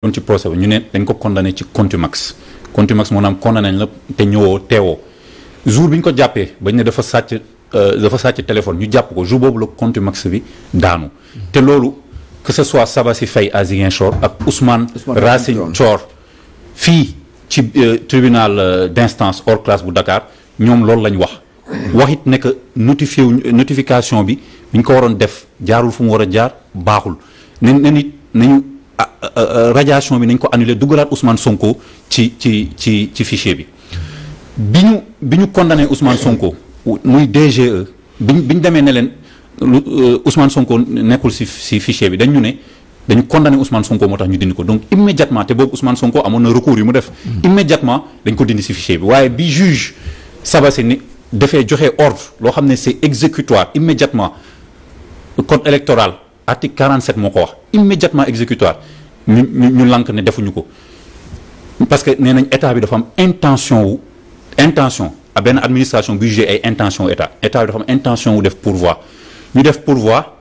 doon ci procès ñu ne dañ ko condamné ci contumax contumax moo naam condamné nañ la te ñëwoo teewoo jour bi ñu ko jàppee bañ ne dafa sàcc euh, dafa sàcc téléphone ñu jàpp ko jour boobu la contumax bi daanu te loolu que ce soit Sabassi Faye à Ziguinchor ak Ousmane Racine Thior fii ci euh, tribunal euh, d'instance hors classe bu Dakar ñoom loolu lañ wax wax it ne que notifié notification bi bi ko waroon def jaarul fumu mu war a jaar baaxul ne nit nañu Ah, euh, euh, radiation bi nañ ko annulé duggalaat Ousmane Sonko ci ci ci ci fichier bi bi ñu bi ñu condamné Ousmane Sonko muy DGE bi bi ñu demee ne leen euh, Ousmane Sonko nekkul si si fichier bi dañ ñu ne dañu condamné Ousmane Sonko moo tax ñu dindi ko donc immédiatement te boobu Ousmane Sonko amoon na recours yu mu def. Mm. immédiatement dañ ko dindi si fichier bi waaye bi juge Sabassy ni defee joxe ordre loo xam ne c'est exécutoire immédiatement code électoral. article 47 moo ko wax immédiatement exécutoire ñu ñu ñu lànk ne defuñu ko parce que nee nañ état bi dafa am intention wu intention a benn administration buy ay intention état état bi dafa am intention wu def pourvoi ñu def pourvoi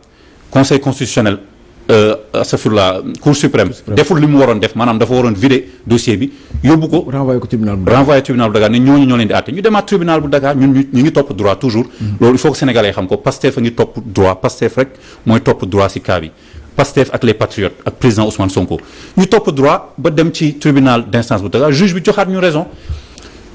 conseil constitutionnel Euh, astafurlah cour suprême deful li mu waroon def maanaam dafa waroon vider dossier bi yóbbu ko renvoyer tribunal bu renvoyer tribunal bu Dakar ñoo leen di àtte ñu demaat tribunal bu Dakar ñun ñu ngi topp droit toujours mhm. loolu il faut que sénégalais xam ko Pastef a ngi topp droit Pastef rek mooy topp droit si cas bi ak les patriotes ak président Ousmane Sonko ñu topp droit ba dem ci tribunal d'instance bu Dakar juge bi joxaat ñu raison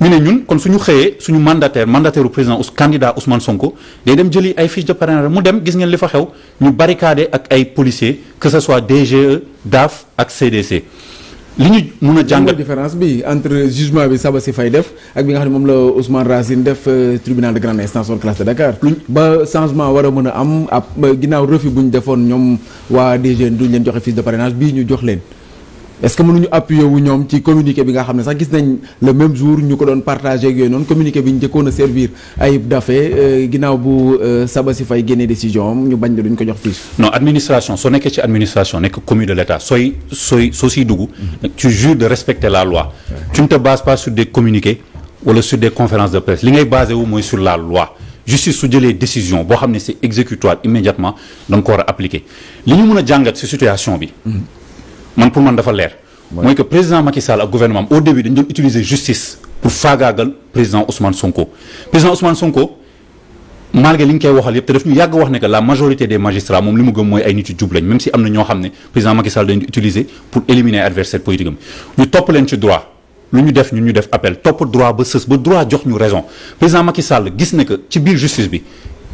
mu ne ñun kon su suñu xëyee suñu mandataire mandataire u président ou candidat Ousmane Sonko day dem jëli ay fiche de parrainage mu dem gis ngeen li fa xew ñu barricadé ak ay policiers que ce soit DGE DAF ak CDC. li ñu mun a jàngal différence bi entre jugement bi si fay def ak bi nga xam ne moom la Ousmane Racine def euh, tribunal de grande instance hors classe de Dakar. ba changement war a mën a am ab ginnaaw refus bu ñu defoon ñoom waa DGE duñ leen joxe fiche de parrainage bii ñu jox leen. est-ce que mënuñu appuyer wu ñoom ci communiqué bi nga xam ne sax gis nañ le même jour ñu ko doon partagé ak yooyu noonu communiqué bi ñu njëkkoon a servir Ayib Daffé euh, ginnaaw bu euh, Sabasy Faye génnee décision am ñu bañ ne duñ ko jox fiche. non administration soo nekkee ci administration nekk commis de l'État sooy sooy soo siy la loi. tu ne te bases pas sur des communiqués conférences de presse li ngay basé wu mooy sur la loi. justice su jëlee décision boo xam ne c'est exécutoire immédiatement da nga ko war a appliquer li ñu mën a jàngat si situation bi. man pour man dafa leer. mooy que président Macky ak gouvernement au début dañu doon utiliser justice pour faagaagal président Ousmane Sonko président Ousmane Sonko. malgré li ñu koy waxal yëpp te daf ñu yàgg wax ne que la majorité des magistrats moom li mu gëm mooy ay nit yu jub lañ même si am na ñoo xam ne président Macky Sall dañ pour éliminer adversaire politique ñu topp leen ci droit lu ñu def ñu ñu def appel topp droit ba sës ba droit jox raison président Macky Sall gis ne que ci biir justice bi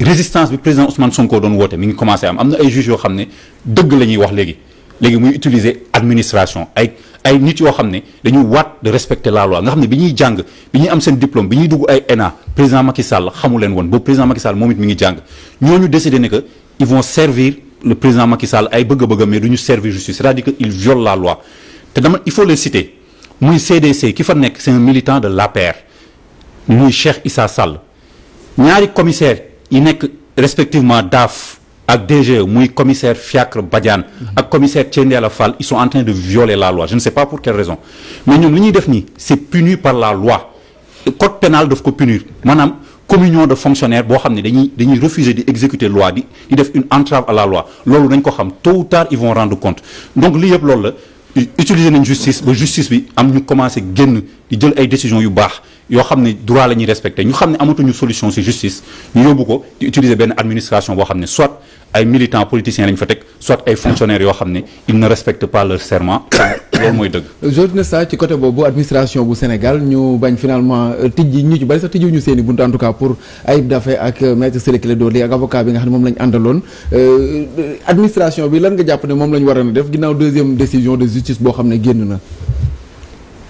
résistance bi président Ousmane Sonko doon woote mi ngi commencé am am na ay juges yoo xam ne dëgg wax léegi léegi muy utiliser administration ay ay nit yoo xam ne dañuy waat de respecter la loi nga xam ne bi ñuy jàng bi ñuy am seen diplôme bi ñuy dugg ay ENA président Macky Sall xamu leen woon boobu président Macky Sall moom it mi ngi jàng ñooñu décidé ne que ils vont servir le président Macky Sall ay bëgg-bëgg mais du ñu servir justice c'est-à-dire que ils violent la loi te dama il faut les citer muy CDC ki fa nekk c'est un militant de l'APR muy Cheikh Issa Sall ñaari commissaire yi nekk respectivement DAF. ak DG muy commissaire Fiacre Badiane ak commissaire Thiendella Fall ils sont en train de violer la loi je ne sais pas pour quelle raison mais ñoom li ñuy def nii c'est puni par la loi code pénal daf ko punir maanaam communion de fonctionnaires boo xam ne dañuy dañuy refuser di exécuter loi di di def une entrave à la loi loolu dañ ko xam tôt ou tard ils vont rendre compte donc lii yëpp loolu la utiliser nañ justice ba justice bi am ñu commencé génn di jël ay décisions yu baax yoo xam ne droit la ñuy respecté ñu xam ne amatuñu solution ci justice ñu yóbbu ko di utiliser benn administration boo xam ne soit ay militants politiciens lañ fa teg soit ay fonctionnaires yoo xam ne ils ne respectent pas leur serment loolu mooy dëgg. Georges Nesta ci côté boobu administration bu Sénégal ñu bañ finalement euh, tijji ñu ci bari sax seen i buntu en pour Ayib Daffé ak euh, maître Ciré Clédor Ly ak avocat bi nga xam ne moom lañ àndaloon euh, administration bi lan nga jàpp ne moom lañ waroon a def ginnaaw deuxième décision de justice boo xam ne génn na.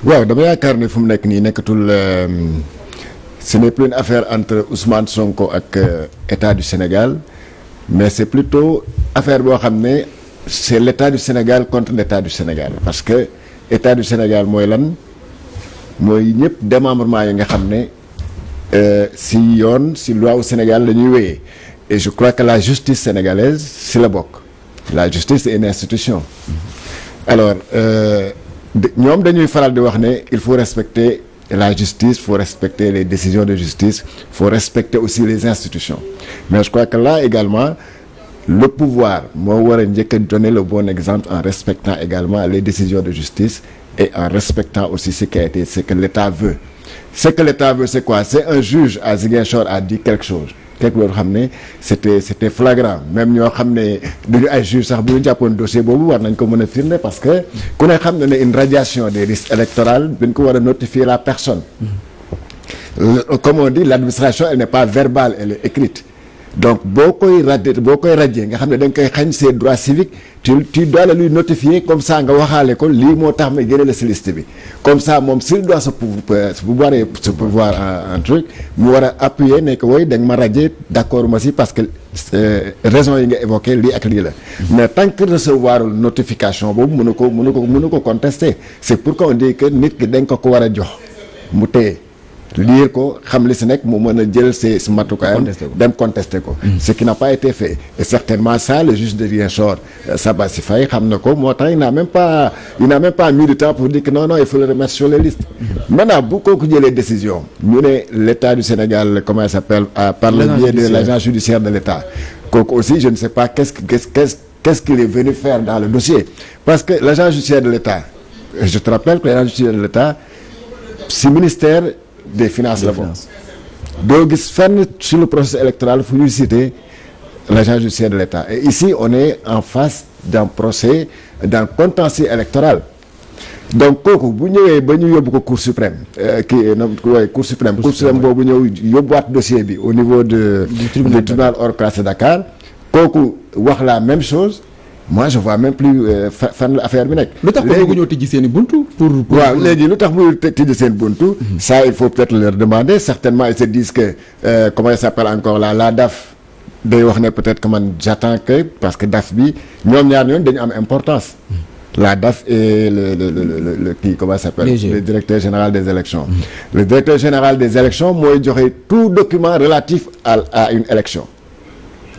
waaw dama yaakaar ne fu mu nekk nii nekkatul euh, ce n'est plus affaire entre Ousmane Sonko ak euh, état du Sénégal mais c'est plutôt affaire boo xam ne c'est l'état du Sénégal contre l'état du Sénégal parce que état du Sénégal mooy lan mooy ñëpp démembrement yi nga xam ne euh, si yoon si loi au Sénégal la ñuy wéyee et je crois que la justice sénégalaise si la bokk la justice est une institution alors. ñoom dañuy faral di wax ne il faut respecter la justice faut respecter les décisions de justice faut respecter aussi les institutions mais je crois que là également le pouvoir moo war a njëkk a donner le bon exemple en respectant également les décisions de justice et en respectant aussi ce qui a été ce que l'État veut c'est quoi c'est un juge à Ziguinchor à dit quelque chose teg loolu xam ne c'était c'était flagrant même ñoo xam ne du ñu ay juge sax bu ñu jàppoon dossier boobu war nañ ko mën a firnde parce que ku ne xam ne ne une radiation des listes électorales dañ ko war a notifier la personne comme on dit l'administration elle n'est pas verbale elle est écrite donc boo koy radier boo koy radier nga xam ne da koy xañ ses droits civiques tu tu dois la lui comme ça nga waxaale ko lii moo tax ma génne la si bi comme ça moom s'il bu euh, se pouvoir se pouvoir en truc mu war a appuyer ne que woy da ma radier d'accord ma si parce que euh, raison yi nga évoqué lii ak lii la mm-hmm. mais tant que recevoir notification boobu mënu ko mënu ko mënu ko contester c'est pourquoi on dit que nit ki da nga ko ko war a jox mu téye liir ko xam li si nekk mu mën a jël ses matukaayam dem contester ko mm. ce qui n'a pas été fait et certainement ça le juge de Ziguinchor euh, Sabassi Faye xam na ko moo tax il n'a même pas il n'a même pas mis du temps pour dire que non non il faut le remettre les listes mm. maintenant bu kooku jëlee décision ñu ne l'état du Sénégal comment il s'appelle par le biais de l'agence judiciaire de l'état kooku aussi je ne sais pas qu'est-ce qu'est-ce quest qu'il est venu faire dans le dossier parce que l'agence judiciaire de l'état je te rappelle que l'agence judiciaire de si ministère des finance la boobu doo gis fenn sur le processus électoral fu ñuy citer l'agent judiciaire de l'État et ici on est en face d'un procès d'un contentieux électoral donc kooku bu ñëwee ba ñu yóbbu ko cour suprême euh, kii euh, na wooy cour suprême cour suprême boobu ñëw yóbbuwaat dossier bi au niveau de du tribunal hors classe Dakar kooku wax la même chose moi je vois même plus euh, fan la affaire bi nekk. lu tax kon ñoo tijji seen i buntu. pour pour waaw léegi lu tax muy tijji seen buntu. Mhm. ça il faut peut-être leur demander certainement ils se disent que euh, comment il s'appelle encore la DAF. day wax ne peut-être que man j'attends que parce que DAF bi ñoom ñaar ñoom dañu am importance. Mhm. la DAF et le le le le kii comment ça e. directeur général des élections mhm. le directeur général des élections mooy joxe tout document relatif à à une élection.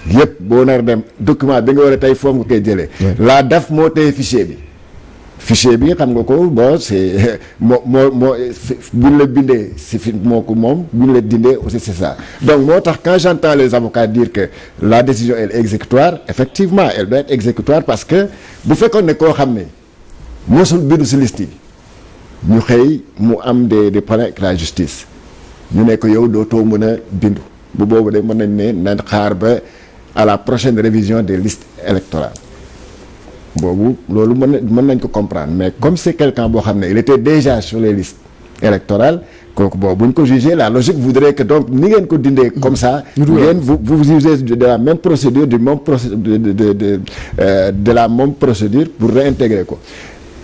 yëpp boo nar dem document bi nga war a tey foofu nga koy jëlee. laa def moo tey fichier bi. fichier bi xam nga ko bon c'est moo moo moo buñ la bindee si fi moo ko moom buñ la dindee aussi c'est ça donc moo tax quand j'entends les avocats dire que la décision elle est exécutoire effectivement elle doit être exécutoire parce que bu fekkoon ne koo xam ne mosul bindu si liste yi ñu xëy mu am de de problèmes avec la justice ñu ne ko yow dootoo mën a bindu bu boobu de mën nañ ne xaar ba. à la prochaine révision des listes électorales boobu loolu mën mën nañ ko comprendre mais comme c'est quelqu'un boo xam ne il était déjà sur les listes électorales kooku boobu bu ñu ko jugé la logique voudrait que donc ni ngeen ko dindee comme ça ngeen vous vous jugez de la même procédure du même de de de euh, de la même procédure pour réintégrer ko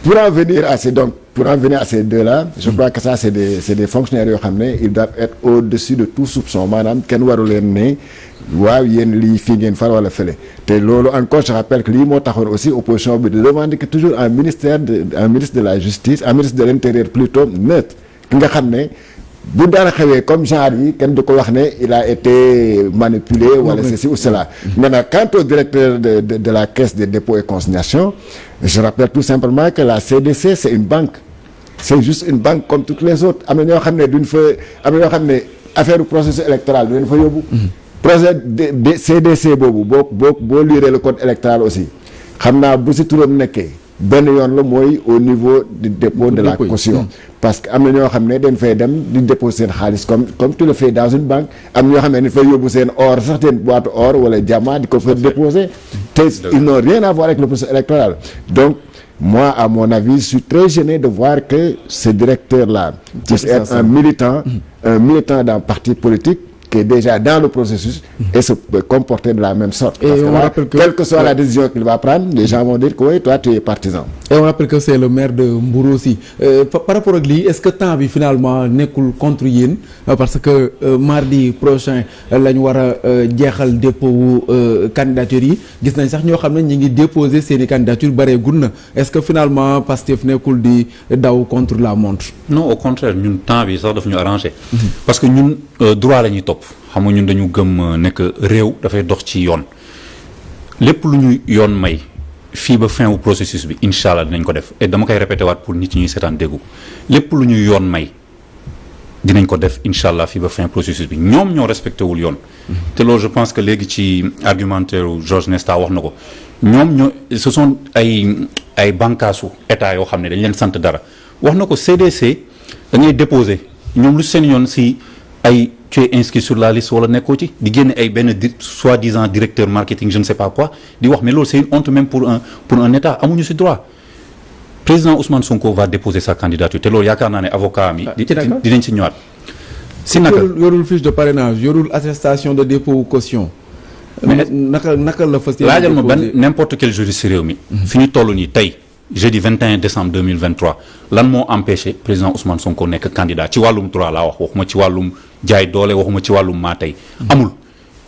pour en venir à ces deux-là je crois que ça c'est des c'est des fonctionnaires yoo xam ne ils doivent être au-dessus de tout soupçon maanaam kenn waru leen ne waaw yéen lii fii ngeen far wala fële te loolu encore je rappelle que lii moo taxoon aussi opposition bi di revendiquer toujours un ministère de un ministre de la justice un ministre de l'intérieur plutôt neutre ki nga xam ne bu dara xewee comme genre yi kenn du ko wax ne il a été manipulé wala ceci ou cela mm-hmm. maintenant quant au directeur de, de de la caisse des dépôts et consignations je rappelle tout simplement que la CDC c'est une banque c'est juste une banque am na ñoo xam ne duñ fa am ne affaire processus électoral du leen projet de CDC boobu boo boo boo liiree le code électoral aussi xam naa bu si turam nekkee benn yoon la mooy au niveau du dépôt de la caution hmm. parce que am na ñoo xam ne dañ fay dem di déposer seen xaalis comme comme tu le fais dans une banque am ñoo xam ne dañ fay yóbbu seen or sax seen boîte or wala jama di ko fa déposer te ils n'ont rien à avec le processus électoral donc moi à mon avis je suis très gêné de voir que ce directeur là puisse être hmm. un militant un parti politique qui est déjà dans le processus et se comporter de la même sorte. Et parce quelle que soit la décision qu'il va prendre les gens vont dire que oui toi tu partisan. et on rappelle que c'est le maire de Mbour aussi euh, par rapport ak lii euh, parce que euh, mardi prochain euh, la ñu war a jeexal dépôt wu candidature yi gis nañ sax ñoo xam ne ñu ngi déposer seeni i candidature bareegul na est-ce que finalement fu nekkul di daw contre la montre. non au contraire ñun temps bi sax daf ñu arrangé. Mhm. parce que ñun droit la bopp xam nga ñun dañu gëm euh, nekk réew dafay dox ci yoon lépp lu ñu yoon may fii ba fin wu processus bi incha allah dinañ ko def et dama koy répété waat pour nit ñi ñuy seetaan déggu lépp lu ñu yoon may dinañ ko def incha allah fii ba fin processus bi ñoom ñoo respecté wul yoon. Mm-hmm. te loolu je pense que léegi ci argumentaire Georges Nesta wax na ko ñoom ñoo ce sont ay ay bànkaasu état yoo xam ne dañ leen sant dara wax na ko CDC da ngay ñoom lu seen yoon si ay. tu es inscrit sur la liste wala nekkoo benn di soi-disant directeur marketing je ne sais pas quoi di wax mais loolu c'est une honte même pour un pour un état sa candidature te loolu yaakaar naa ne avocat am yi. Ah, dinañ ci ñëwaat. si naka yorul fiche de parrainage yorul attestation de dépôt ou caution. mais euh, naka naka la fas laajal ma ban n'importe quel juriste réew mi. Mhm. ñu toll nii tey jeudi 21 décembre 2023 lan moo empêché président Ousmane Sonko nekk candidat ci wàllum droit laa wax waxuma ci wàllum. jaay doole waxuma ci wàllum maa tey amul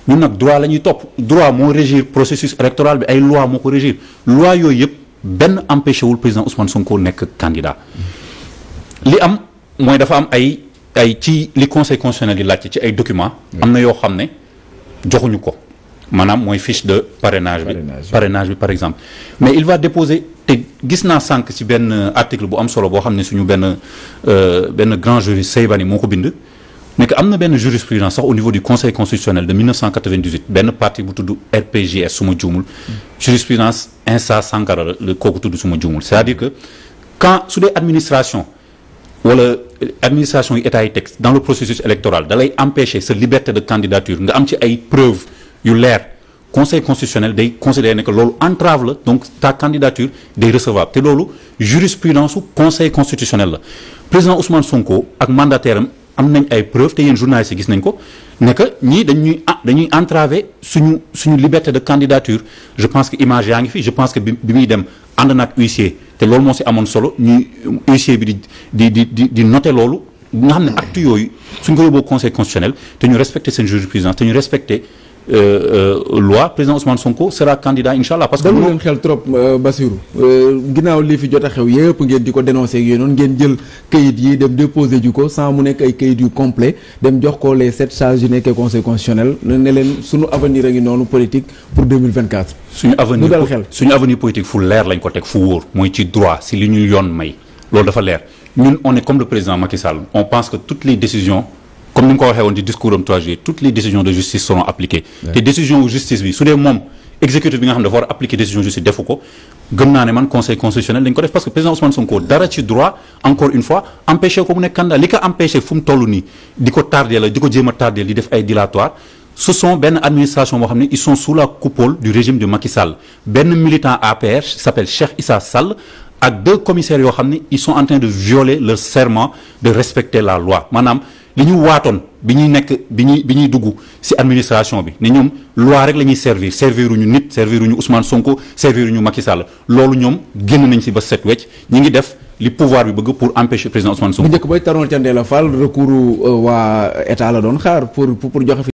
ñun nag droit la ñuy topp droit moo régir processus électoral bi ay loi moo ko régir loi yooyu yëpp benn empêché wul président Ousmane Sonko nekk candidat li am mooy dafa am ay ay ci li conseil constitutionnel di laajte ci ay documents. am na yoo xam ne joxuñu ko maanaam mooy fiche de parrainage bi parrainage bi par exemple mais il va déposer te gis naa sànq ci benn article bu am solo boo xam ne suñu benn euh, benn grand juriste Seybani moo ko bind mais que am na benn jurisprudence sax au niveau du conseil constitutionnel de 1998 benn partie bu tudd RPJS su ma juumul jurisprudence Insa Sankara la kooku tudd su ma juumul c'est-à-dire que quand su dee administration wala administration yi état yi teg dans le processus électoral da lay empêcher sa liberte de candidature nga am ci ay preuves yu leer conseil constitutionnel day considérer ne que loolu entrave la donc ta candidature day recevable te loolu jurisprudence su conseil constitutionnel la président Ousmane Sonko ak mandataire am nañ ay preuves te yéen journalistes gis nañ ko ne que ñii dañuy ah, dañuy entraver suñu suñu liberté de candidature je pense que image yaa ngi fi je pense que bi muy dem ànd naag huissier te loolu moo si amoon solo ñuy huissier bi di di di di di noter loolu nga xam ne acte yooyu suñ ko yóbboo conseil constitutionnel te ñu respecter seen jurisprudence te ñu respecter Euh, euh, loi président Ousmane Sonko sera candidat incha allah. parce que dalu leen xel trop euh, Bassirou ginnaaw lii fi jot xew yëpp ngeen di ko dénoncé ak yooyu ngeen jël kayit yi dem déposé ju ko sans mu nekk ay kayit yu complet dem jox ko les sept charges yu nekkee conseil constitutionnel ne leen suñu avenir a ngi noonu politique pour 2024. suñu avenir suñu avenir politique fu leer lañ ko teg fu wóor. mooy ci droit si li ñu yoon may loolu dafa leer ñun on est comme le président Macky on pense que toutes les décisions. comme ni nga ko waxee woon ci discours am 3 juillet toutes les décisions de justice seront appliquées te décision justice bi su dee moom exécutif bi nga xam ne dafa war a appliquer décision justice defu ko gëm naa ne man conseil constitutionnel dañ ko def parce que président Ousmane Sonko dara ci droit encore une fois empêché ko mu nekk candidat li ko empêché toll nii di ko ko jéem a tardé di def ay dilatoire ce sont benn administration boo xam ne ils sont sous la coupole du régime de Macky Sall benn militant APR s'appelle Sall ak deux commissaires yoo xam ne ils sont en train de violer leur serment de respecter la loi li ñu waatoon bi ñuy nekk bi ñuy bi ñuy dugg ci administration bi ne ñoom loi rek la ñuy servir serviruñu nit serviruñu Ousmane Sonko serviruñu Macky Sall loolu ñoom génn nañ ci ba set wecc ñi ngi def li pouvoir bi bëgg pour empêcher président Ousmane Sonko. bu njëkk bay taroon ca Ndella Fall recours euh, waa état la doon xaar pour pour joxe.